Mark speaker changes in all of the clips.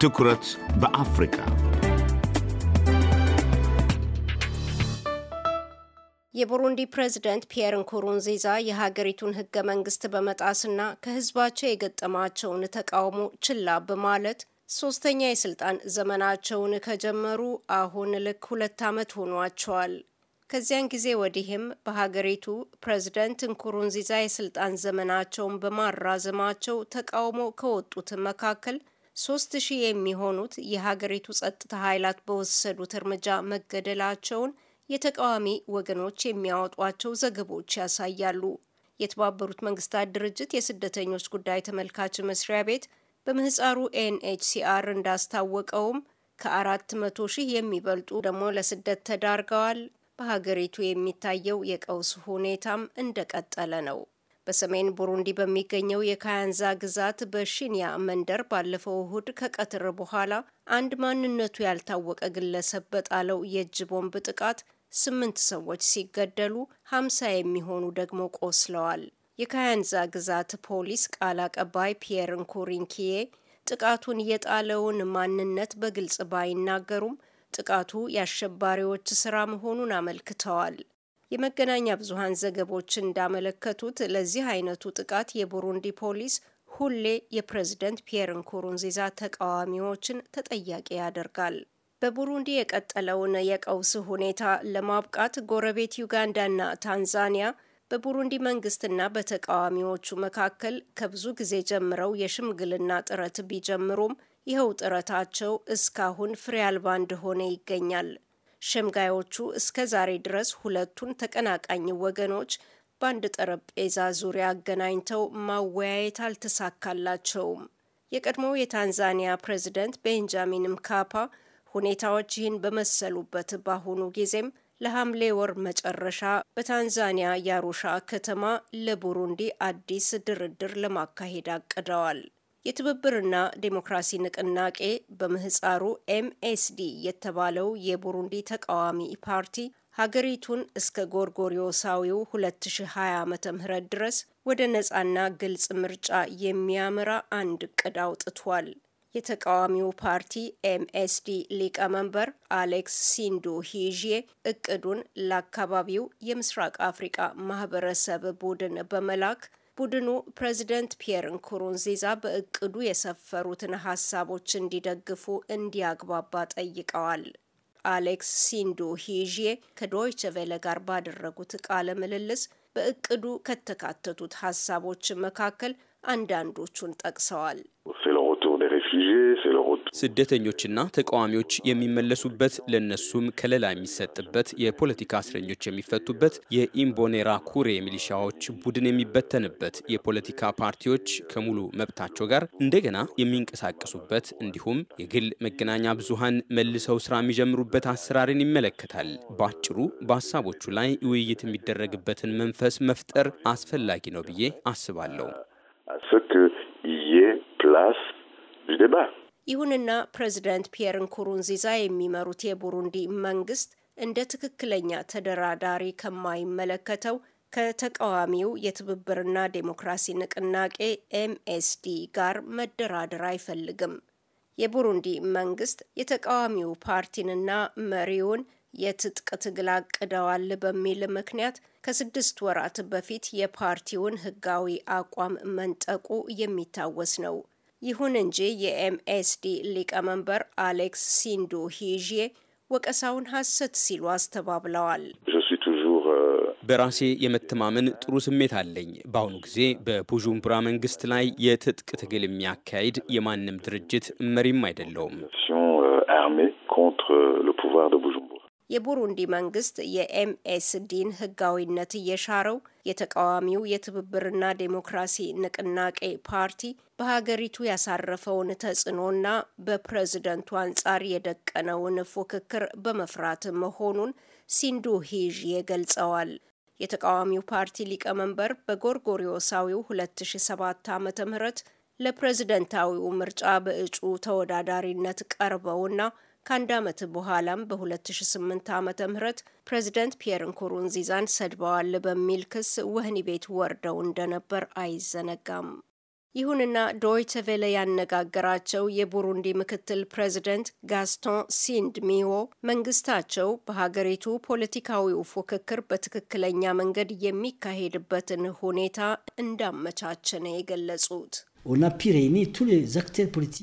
Speaker 1: ትኩረት በአፍሪካ
Speaker 2: የቡሩንዲ ፕሬዝደንት ፒየር ንኩሩንዚዛ የሀገሪቱን ህገ መንግስት በመጣስና ከህዝባቸው የገጠማቸውን ተቃውሞ ችላ በማለት ሶስተኛ የስልጣን ዘመናቸውን ከጀመሩ አሁን ልክ ሁለት ዓመት ሆኗቸዋል። ከዚያን ጊዜ ወዲህም በሀገሪቱ ፕሬዝደንት እንኩሩንዚዛ የስልጣን ዘመናቸውን በማራዘማቸው ተቃውሞ ከወጡት መካከል ሶስት ሺህ የሚሆኑት የሀገሪቱ ጸጥታ ኃይላት በወሰዱት እርምጃ መገደላቸውን የተቃዋሚ ወገኖች የሚያወጧቸው ዘገቦች ያሳያሉ። የተባበሩት መንግስታት ድርጅት የስደተኞች ጉዳይ ተመልካች መስሪያ ቤት በምህፃሩ ኤንኤችሲአር እንዳስታወቀውም ከአራት መቶ ሺህ የሚበልጡ ደግሞ ለስደት ተዳርገዋል። በሀገሪቱ የሚታየው የቀውስ ሁኔታም እንደቀጠለ ነው። በሰሜን ቡሩንዲ በሚገኘው የካያንዛ ግዛት በሺንያ መንደር ባለፈው እሁድ ከቀትር በኋላ አንድ ማንነቱ ያልታወቀ ግለሰብ በጣለው የእጅ ቦምብ ጥቃት ስምንት ሰዎች ሲገደሉ ሀምሳ የሚሆኑ ደግሞ ቆስለዋል። የካያንዛ ግዛት ፖሊስ ቃል አቀባይ ፒየር ንኩሪንኪዬ ጥቃቱን የጣለውን ማንነት በግልጽ ባይናገሩም ጥቃቱ የአሸባሪዎች ስራ መሆኑን አመልክተዋል። የመገናኛ ብዙሃን ዘገቦች እንዳመለከቱት ለዚህ አይነቱ ጥቃት የቡሩንዲ ፖሊስ ሁሌ የፕሬዝደንት ፒየር ንኩሩንዚዛ ተቃዋሚዎችን ተጠያቂ ያደርጋል። በቡሩንዲ የቀጠለውን የቀውስ ሁኔታ ለማብቃት ጎረቤት ዩጋንዳና ታንዛኒያ በቡሩንዲ መንግስትና በተቃዋሚዎቹ መካከል ከብዙ ጊዜ ጀምረው የሽምግልና ጥረት ቢጀምሩም ይኸው ጥረታቸው እስካሁን ፍሬ አልባ እንደሆነ ይገኛል። ሸምጋዮቹ እስከ ዛሬ ድረስ ሁለቱን ተቀናቃኝ ወገኖች በአንድ ጠረጴዛ ዙሪያ አገናኝተው ማወያየት አልተሳካላቸውም። የቀድሞው የታንዛኒያ ፕሬዚደንት ቤንጃሚን ምካፓ ሁኔታዎች ይህን በመሰሉበት በአሁኑ ጊዜም ለሐምሌ ወር መጨረሻ በታንዛኒያ ያሩሻ ከተማ ለቡሩንዲ አዲስ ድርድር ለማካሄድ አቅደዋል። የትብብርና ዴሞክራሲ ንቅናቄ በምህፃሩ ኤምኤስዲ የተባለው የቡሩንዲ ተቃዋሚ ፓርቲ ሀገሪቱን እስከ ጎርጎሪዮሳዊው 2020 ዓ ም ድረስ ወደ ነፃና ግልጽ ምርጫ የሚያመራ አንድ እቅድ አውጥቷል። የተቃዋሚው ፓርቲ ኤምኤስዲ ሊቀመንበር አሌክስ ሲንዱ ሂዤ እቅዱን ለአካባቢው የምስራቅ አፍሪቃ ማህበረሰብ ቡድን በመላክ ቡድኑ ፕሬዚደንት ፒየር ንኩሩንዚዛ በእቅዱ የሰፈሩትን ሀሳቦች እንዲደግፉ እንዲያግባባ ጠይቀዋል። አሌክስ ሲንዱ ሂዤ ከዶይቸ ቬለ ጋር ባደረጉት ቃለ ምልልስ በእቅዱ ከተካተቱት ሀሳቦች መካከል አንዳንዶቹን ጠቅሰዋል።
Speaker 1: ስደተኞችና ተቃዋሚዎች የሚመለሱበት ለእነሱም ከለላ የሚሰጥበት የፖለቲካ እስረኞች የሚፈቱበት የኢምቦኔራ ኩሬ ሚሊሻዎች ቡድን የሚበተንበት የፖለቲካ ፓርቲዎች ከሙሉ መብታቸው ጋር እንደገና የሚንቀሳቀሱበት እንዲሁም የግል መገናኛ ብዙሃን መልሰው ስራ የሚጀምሩበት አሰራርን ይመለከታል። በአጭሩ በሀሳቦቹ ላይ ውይይት የሚደረግበትን መንፈስ መፍጠር አስፈላጊ ነው ብዬ አስባለሁ። ፕላስ débat.
Speaker 2: ይሁንና ፕሬዚደንት ፒየር ንኩሩንዚዛ የሚመሩት የቡሩንዲ መንግስት እንደ ትክክለኛ ተደራዳሪ ከማይመለከተው ከተቃዋሚው የትብብርና ዴሞክራሲ ንቅናቄ ኤምኤስዲ ጋር መደራደር አይፈልግም። የቡሩንዲ መንግስት የተቃዋሚው ፓርቲንና መሪውን የትጥቅ ትግል አቅደዋል በሚል ምክንያት ከስድስት ወራት በፊት የፓርቲውን ህጋዊ አቋም መንጠቁ የሚታወስ ነው። ይሁን እንጂ የኤምኤስዲ ሊቀመንበር አሌክስ ሲንዱ ሂዤ ወቀሳውን ሐሰት ሲሉ አስተባብለዋል።
Speaker 1: euh, በራሴ የመተማመን ጥሩ ስሜት አለኝ። በአሁኑ ጊዜ በቡጁምቡራ መንግስት ላይ የትጥቅ ትግል የሚያካሂድ የማንም ድርጅት መሪም አይደለውም።
Speaker 2: የቡሩንዲ መንግስት የኤምኤስዲን ህጋዊነት እየሻረው የተቃዋሚው የትብብርና ዴሞክራሲ ንቅናቄ ፓርቲ በሀገሪቱ ያሳረፈውን ተጽዕኖና በፕሬዝደንቱ አንጻር የደቀነውን ፉክክር በመፍራት መሆኑን ሲንዱ ሂዥ ገልጸዋል። የተቃዋሚው ፓርቲ ሊቀመንበር በጎርጎሪዮሳዊው 2007 ዓ ም ለፕሬዝደንታዊው ምርጫ በእጩ ተወዳዳሪነት ቀርበውና ከአንድ ዓመት በኋላም በ2008 ዓ ም ፕሬዚደንት ፒየር ንኩሩንዚዛን ሰድበዋል በሚል ክስ ወህኒ ቤት ወርደው እንደነበር አይዘነጋም። ይሁንና ዶይቸ ቬለ ያነጋገራቸው የቡሩንዲ ምክትል ፕሬዚደንት ጋስቶን ሲንድሚዎ መንግስታቸው በሀገሪቱ ፖለቲካዊው ፉክክር በትክክለኛ መንገድ የሚካሄድበትን ሁኔታ እንዳመቻቸ ነው የገለጹት።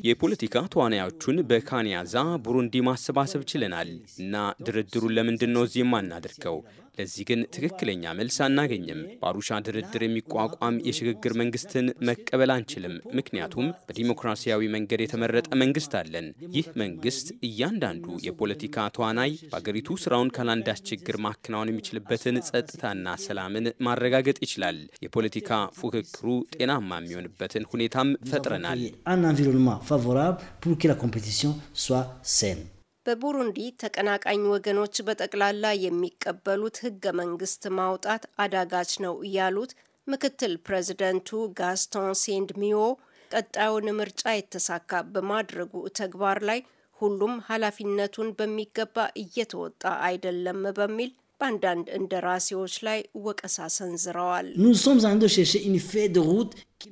Speaker 1: የፖለቲካ ተዋናዮቹን በካንያዛ ቡሩንዲ ማሰባሰብ ችለናል እና ድርድሩን ለምንድን ነው እዚህ የማናደርገው? ለዚህ ግን ትክክለኛ መልስ አናገኝም። በአሩሻ ድርድር የሚቋቋም የሽግግር መንግስትን መቀበል አንችልም። ምክንያቱም በዲሞክራሲያዊ መንገድ የተመረጠ መንግስት አለን። ይህ መንግስት እያንዳንዱ የፖለቲካ ተዋናይ በአገሪቱ ስራውን ካላንዳች ችግር ማከናወን የሚችልበትን ጸጥታና ሰላምን ማረጋገጥ ይችላል። የፖለቲካ ፉክክሩ ጤናማ የሚሆንበትን ሁኔታም ፈጥረናል።
Speaker 2: በቡሩንዲ ተቀናቃኝ ወገኖች በጠቅላላ የሚቀበሉት ህገ መንግስት ማውጣት አዳጋች ነው እያሉት ምክትል ፕሬዚደንቱ ጋስቶን ሴንድሚዮ ቀጣዩን ምርጫ የተሳካ በማድረጉ ተግባር ላይ ሁሉም ኃላፊነቱን በሚገባ እየተወጣ አይደለም በሚል በአንዳንድ እንደራሴዎች ላይ ወቀሳ ሰንዝረዋል።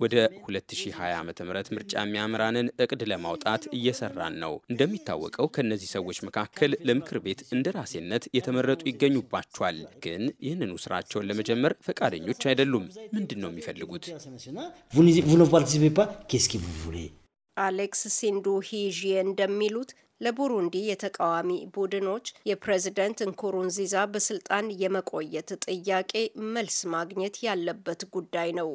Speaker 1: ወደ 2020 ዓ ም ምርጫ የሚያምራንን እቅድ ለማውጣት እየሰራን ነው። እንደሚታወቀው ከእነዚህ ሰዎች መካከል ለምክር ቤት እንደ ራሴነት የተመረጡ ይገኙባቸዋል። ግን ይህንኑ ስራቸውን ለመጀመር ፈቃደኞች አይደሉም። ምንድን ነው የሚፈልጉት?
Speaker 2: አሌክስ ሲንዱሂዥ እንደሚሉት ለቡሩንዲ የተቃዋሚ ቡድኖች የፕሬዝደንት እንኩሩንዚዛ በስልጣን የመቆየት ጥያቄ መልስ ማግኘት ያለበት ጉዳይ ነው።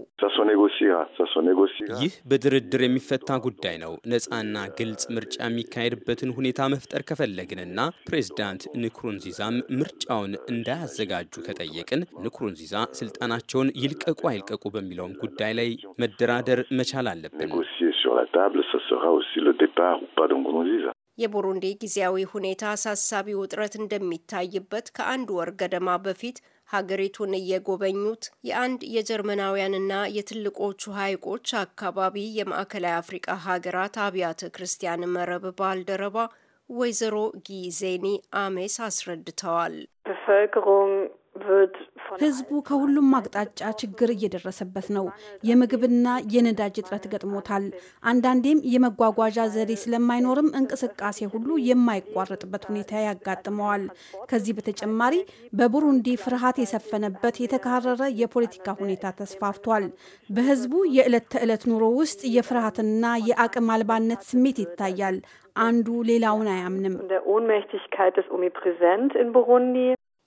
Speaker 1: ይህ በድርድር የሚፈታ ጉዳይ ነው። ነፃና ግልጽ ምርጫ የሚካሄድበትን ሁኔታ መፍጠር ከፈለግንና ፕሬዝዳንት ንኩሩንዚዛም ምርጫውን እንዳያዘጋጁ ከጠየቅን ንኩሩንዚዛ ስልጣናቸውን ይልቀቁ አይልቀቁ በሚለውም ጉዳይ ላይ መደራደር መቻል አለብን።
Speaker 2: የቡሩንዲ ጊዜያዊ ሁኔታ አሳሳቢ ውጥረት እንደሚታይበት ከአንድ ወር ገደማ በፊት ሀገሪቱን እየጎበኙት የአንድ የጀርመናውያንና የትልቆቹ ሐይቆች አካባቢ የማዕከላዊ አፍሪቃ ሀገራት አብያተ ክርስቲያን መረብ ባልደረባ ወይዘሮ ጊዜኒ አሜስ አስረድተዋል።
Speaker 3: ህዝቡ ከሁሉም አቅጣጫ ችግር እየደረሰበት ነው። የምግብና የነዳጅ እጥረት ገጥሞታል። አንዳንዴም የመጓጓዣ ዘዴ ስለማይኖርም እንቅስቃሴ ሁሉ የማይቋረጥበት ሁኔታ ያጋጥመዋል። ከዚህ በተጨማሪ በቡሩንዲ ፍርሃት የሰፈነበት የተካረረ የፖለቲካ ሁኔታ ተስፋፍቷል። በህዝቡ የዕለት ተዕለት ኑሮ ውስጥ የፍርሃትና የአቅም አልባነት ስሜት ይታያል። አንዱ ሌላውን አያምንም።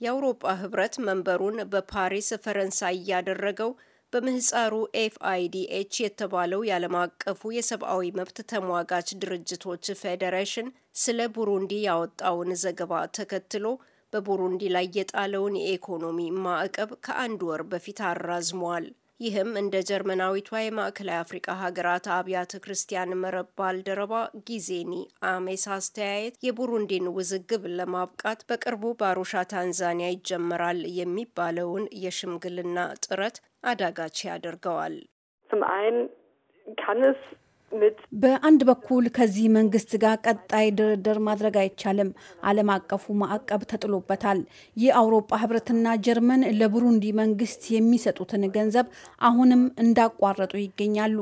Speaker 2: የአውሮጳ ህብረት መንበሩን በፓሪስ ፈረንሳይ ያደረገው በምህፃሩ ኤፍአይዲኤች የተባለው የዓለም አቀፉ የሰብአዊ መብት ተሟጋች ድርጅቶች ፌዴሬሽን ስለ ቡሩንዲ ያወጣውን ዘገባ ተከትሎ በቡሩንዲ ላይ የጣለውን የኢኮኖሚ ማዕቀብ ከአንድ ወር በፊት አራዝሟል። ይህም እንደ ጀርመናዊቷ የማዕከላዊ አፍሪቃ ሀገራት አብያተ ክርስቲያን መረብ ባልደረባ ጊዜኒ አሜስ አስተያየት የቡሩንዲን ውዝግብ ለማብቃት በቅርቡ በአሩሻ ታንዛኒያ ይጀመራል የሚባለውን የሽምግልና ጥረት አዳጋች ያደርገዋል።
Speaker 3: በአንድ በኩል ከዚህ መንግስት ጋር ቀጣይ ድርድር ማድረግ አይቻልም። ዓለም አቀፉ ማዕቀብ ተጥሎበታል። የአውሮፓ ህብረትና ጀርመን ለቡሩንዲ መንግስት የሚሰጡትን ገንዘብ አሁንም እንዳቋረጡ ይገኛሉ።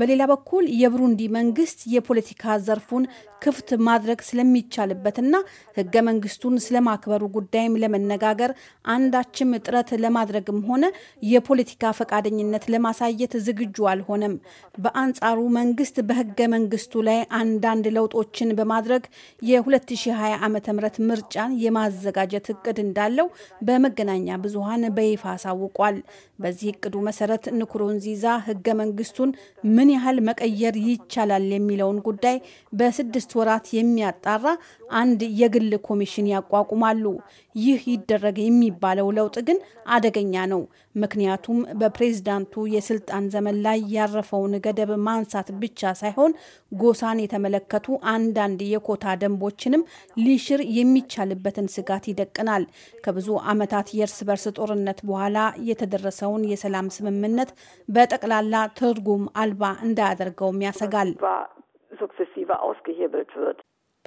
Speaker 3: በሌላ በኩል የቡሩንዲ መንግስት የፖለቲካ ዘርፉን ክፍት ማድረግ ስለሚቻልበትና ህገ መንግስቱን ስለማክበሩ ጉዳይም ለመነጋገር አንዳችም ጥረት ለማድረግም ሆነ የፖለቲካ ፈቃደኝነት ለማሳየት ዝግጁ አልሆነም። በአንጻሩ መንግስት መንግስት በህገ መንግስቱ ላይ አንዳንድ ለውጦችን በማድረግ የ2020 ዓ ም ምርጫን የማዘጋጀት እቅድ እንዳለው በመገናኛ ብዙሀን በይፋ አሳውቋል። በዚህ እቅዱ መሰረት ንኩሩንዚዛ ህገ መንግስቱን ምን ያህል መቀየር ይቻላል የሚለውን ጉዳይ በስድስት ወራት የሚያጣራ አንድ የግል ኮሚሽን ያቋቁማሉ። ይህ ይደረግ የሚባለው ለውጥ ግን አደገኛ ነው። ምክንያቱም በፕሬዝዳንቱ የስልጣን ዘመን ላይ ያረፈውን ገደብ ማንሳት ብቻ ብቻ ሳይሆን ጎሳን የተመለከቱ አንዳንድ የኮታ ደንቦችንም ሊሽር የሚቻልበትን ስጋት ይደቅናል። ከብዙ ዓመታት የእርስ በርስ ጦርነት በኋላ የተደረሰውን የሰላም ስምምነት በጠቅላላ ትርጉም አልባ እንዳያደርገውም ያሰጋል።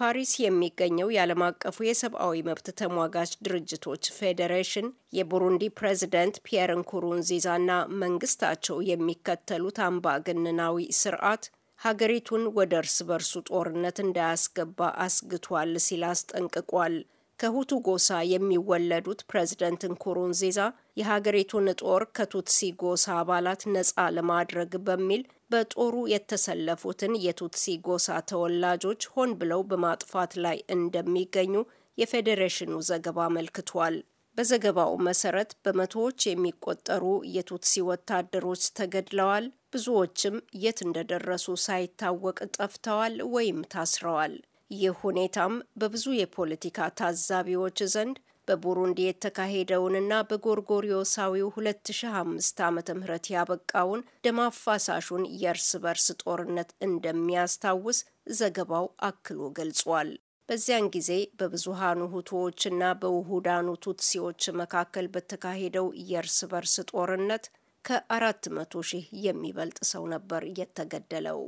Speaker 2: ፓሪስ የሚገኘው የዓለም አቀፉ የሰብአዊ መብት ተሟጋች ድርጅቶች ፌዴሬሽን የቡሩንዲ ፕሬዚደንት ፒየር ንኩሩንዚዛና መንግስታቸው የሚከተሉት አምባገነናዊ ስርዓት ሀገሪቱን ወደ እርስ በርሱ ጦርነት እንዳያስገባ አስግቷል ሲል አስጠንቅቋል። ከሁቱ ጎሳ የሚወለዱት ፕሬዝደንት ንኩሩንዚዛ የሀገሪቱን ጦር ከቱትሲ ጎሳ አባላት ነጻ ለማድረግ በሚል በጦሩ የተሰለፉትን የቱትሲ ጎሳ ተወላጆች ሆን ብለው በማጥፋት ላይ እንደሚገኙ የፌዴሬሽኑ ዘገባ አመልክቷል። በዘገባው መሰረት በመቶዎች የሚቆጠሩ የቱትሲ ወታደሮች ተገድለዋል፣ ብዙዎችም የት እንደደረሱ ሳይታወቅ ጠፍተዋል ወይም ታስረዋል። ይህ ሁኔታም በብዙ የፖለቲካ ታዛቢዎች ዘንድ በቡሩንዲ የተካሄደውንና በጎርጎሪዮሳዊው 2005 ዓ ም ያበቃውን ደም አፋሳሹን የእርስ በርስ ጦርነት እንደሚያስታውስ ዘገባው አክሎ ገልጿል። በዚያን ጊዜ በብዙሃኑ ሁቶዎችና በውሁዳኑ ቱትሲዎች መካከል በተካሄደው የእርስ በርስ ጦርነት ከአራት መቶ ሺህ የሚበልጥ ሰው ነበር የተገደለው።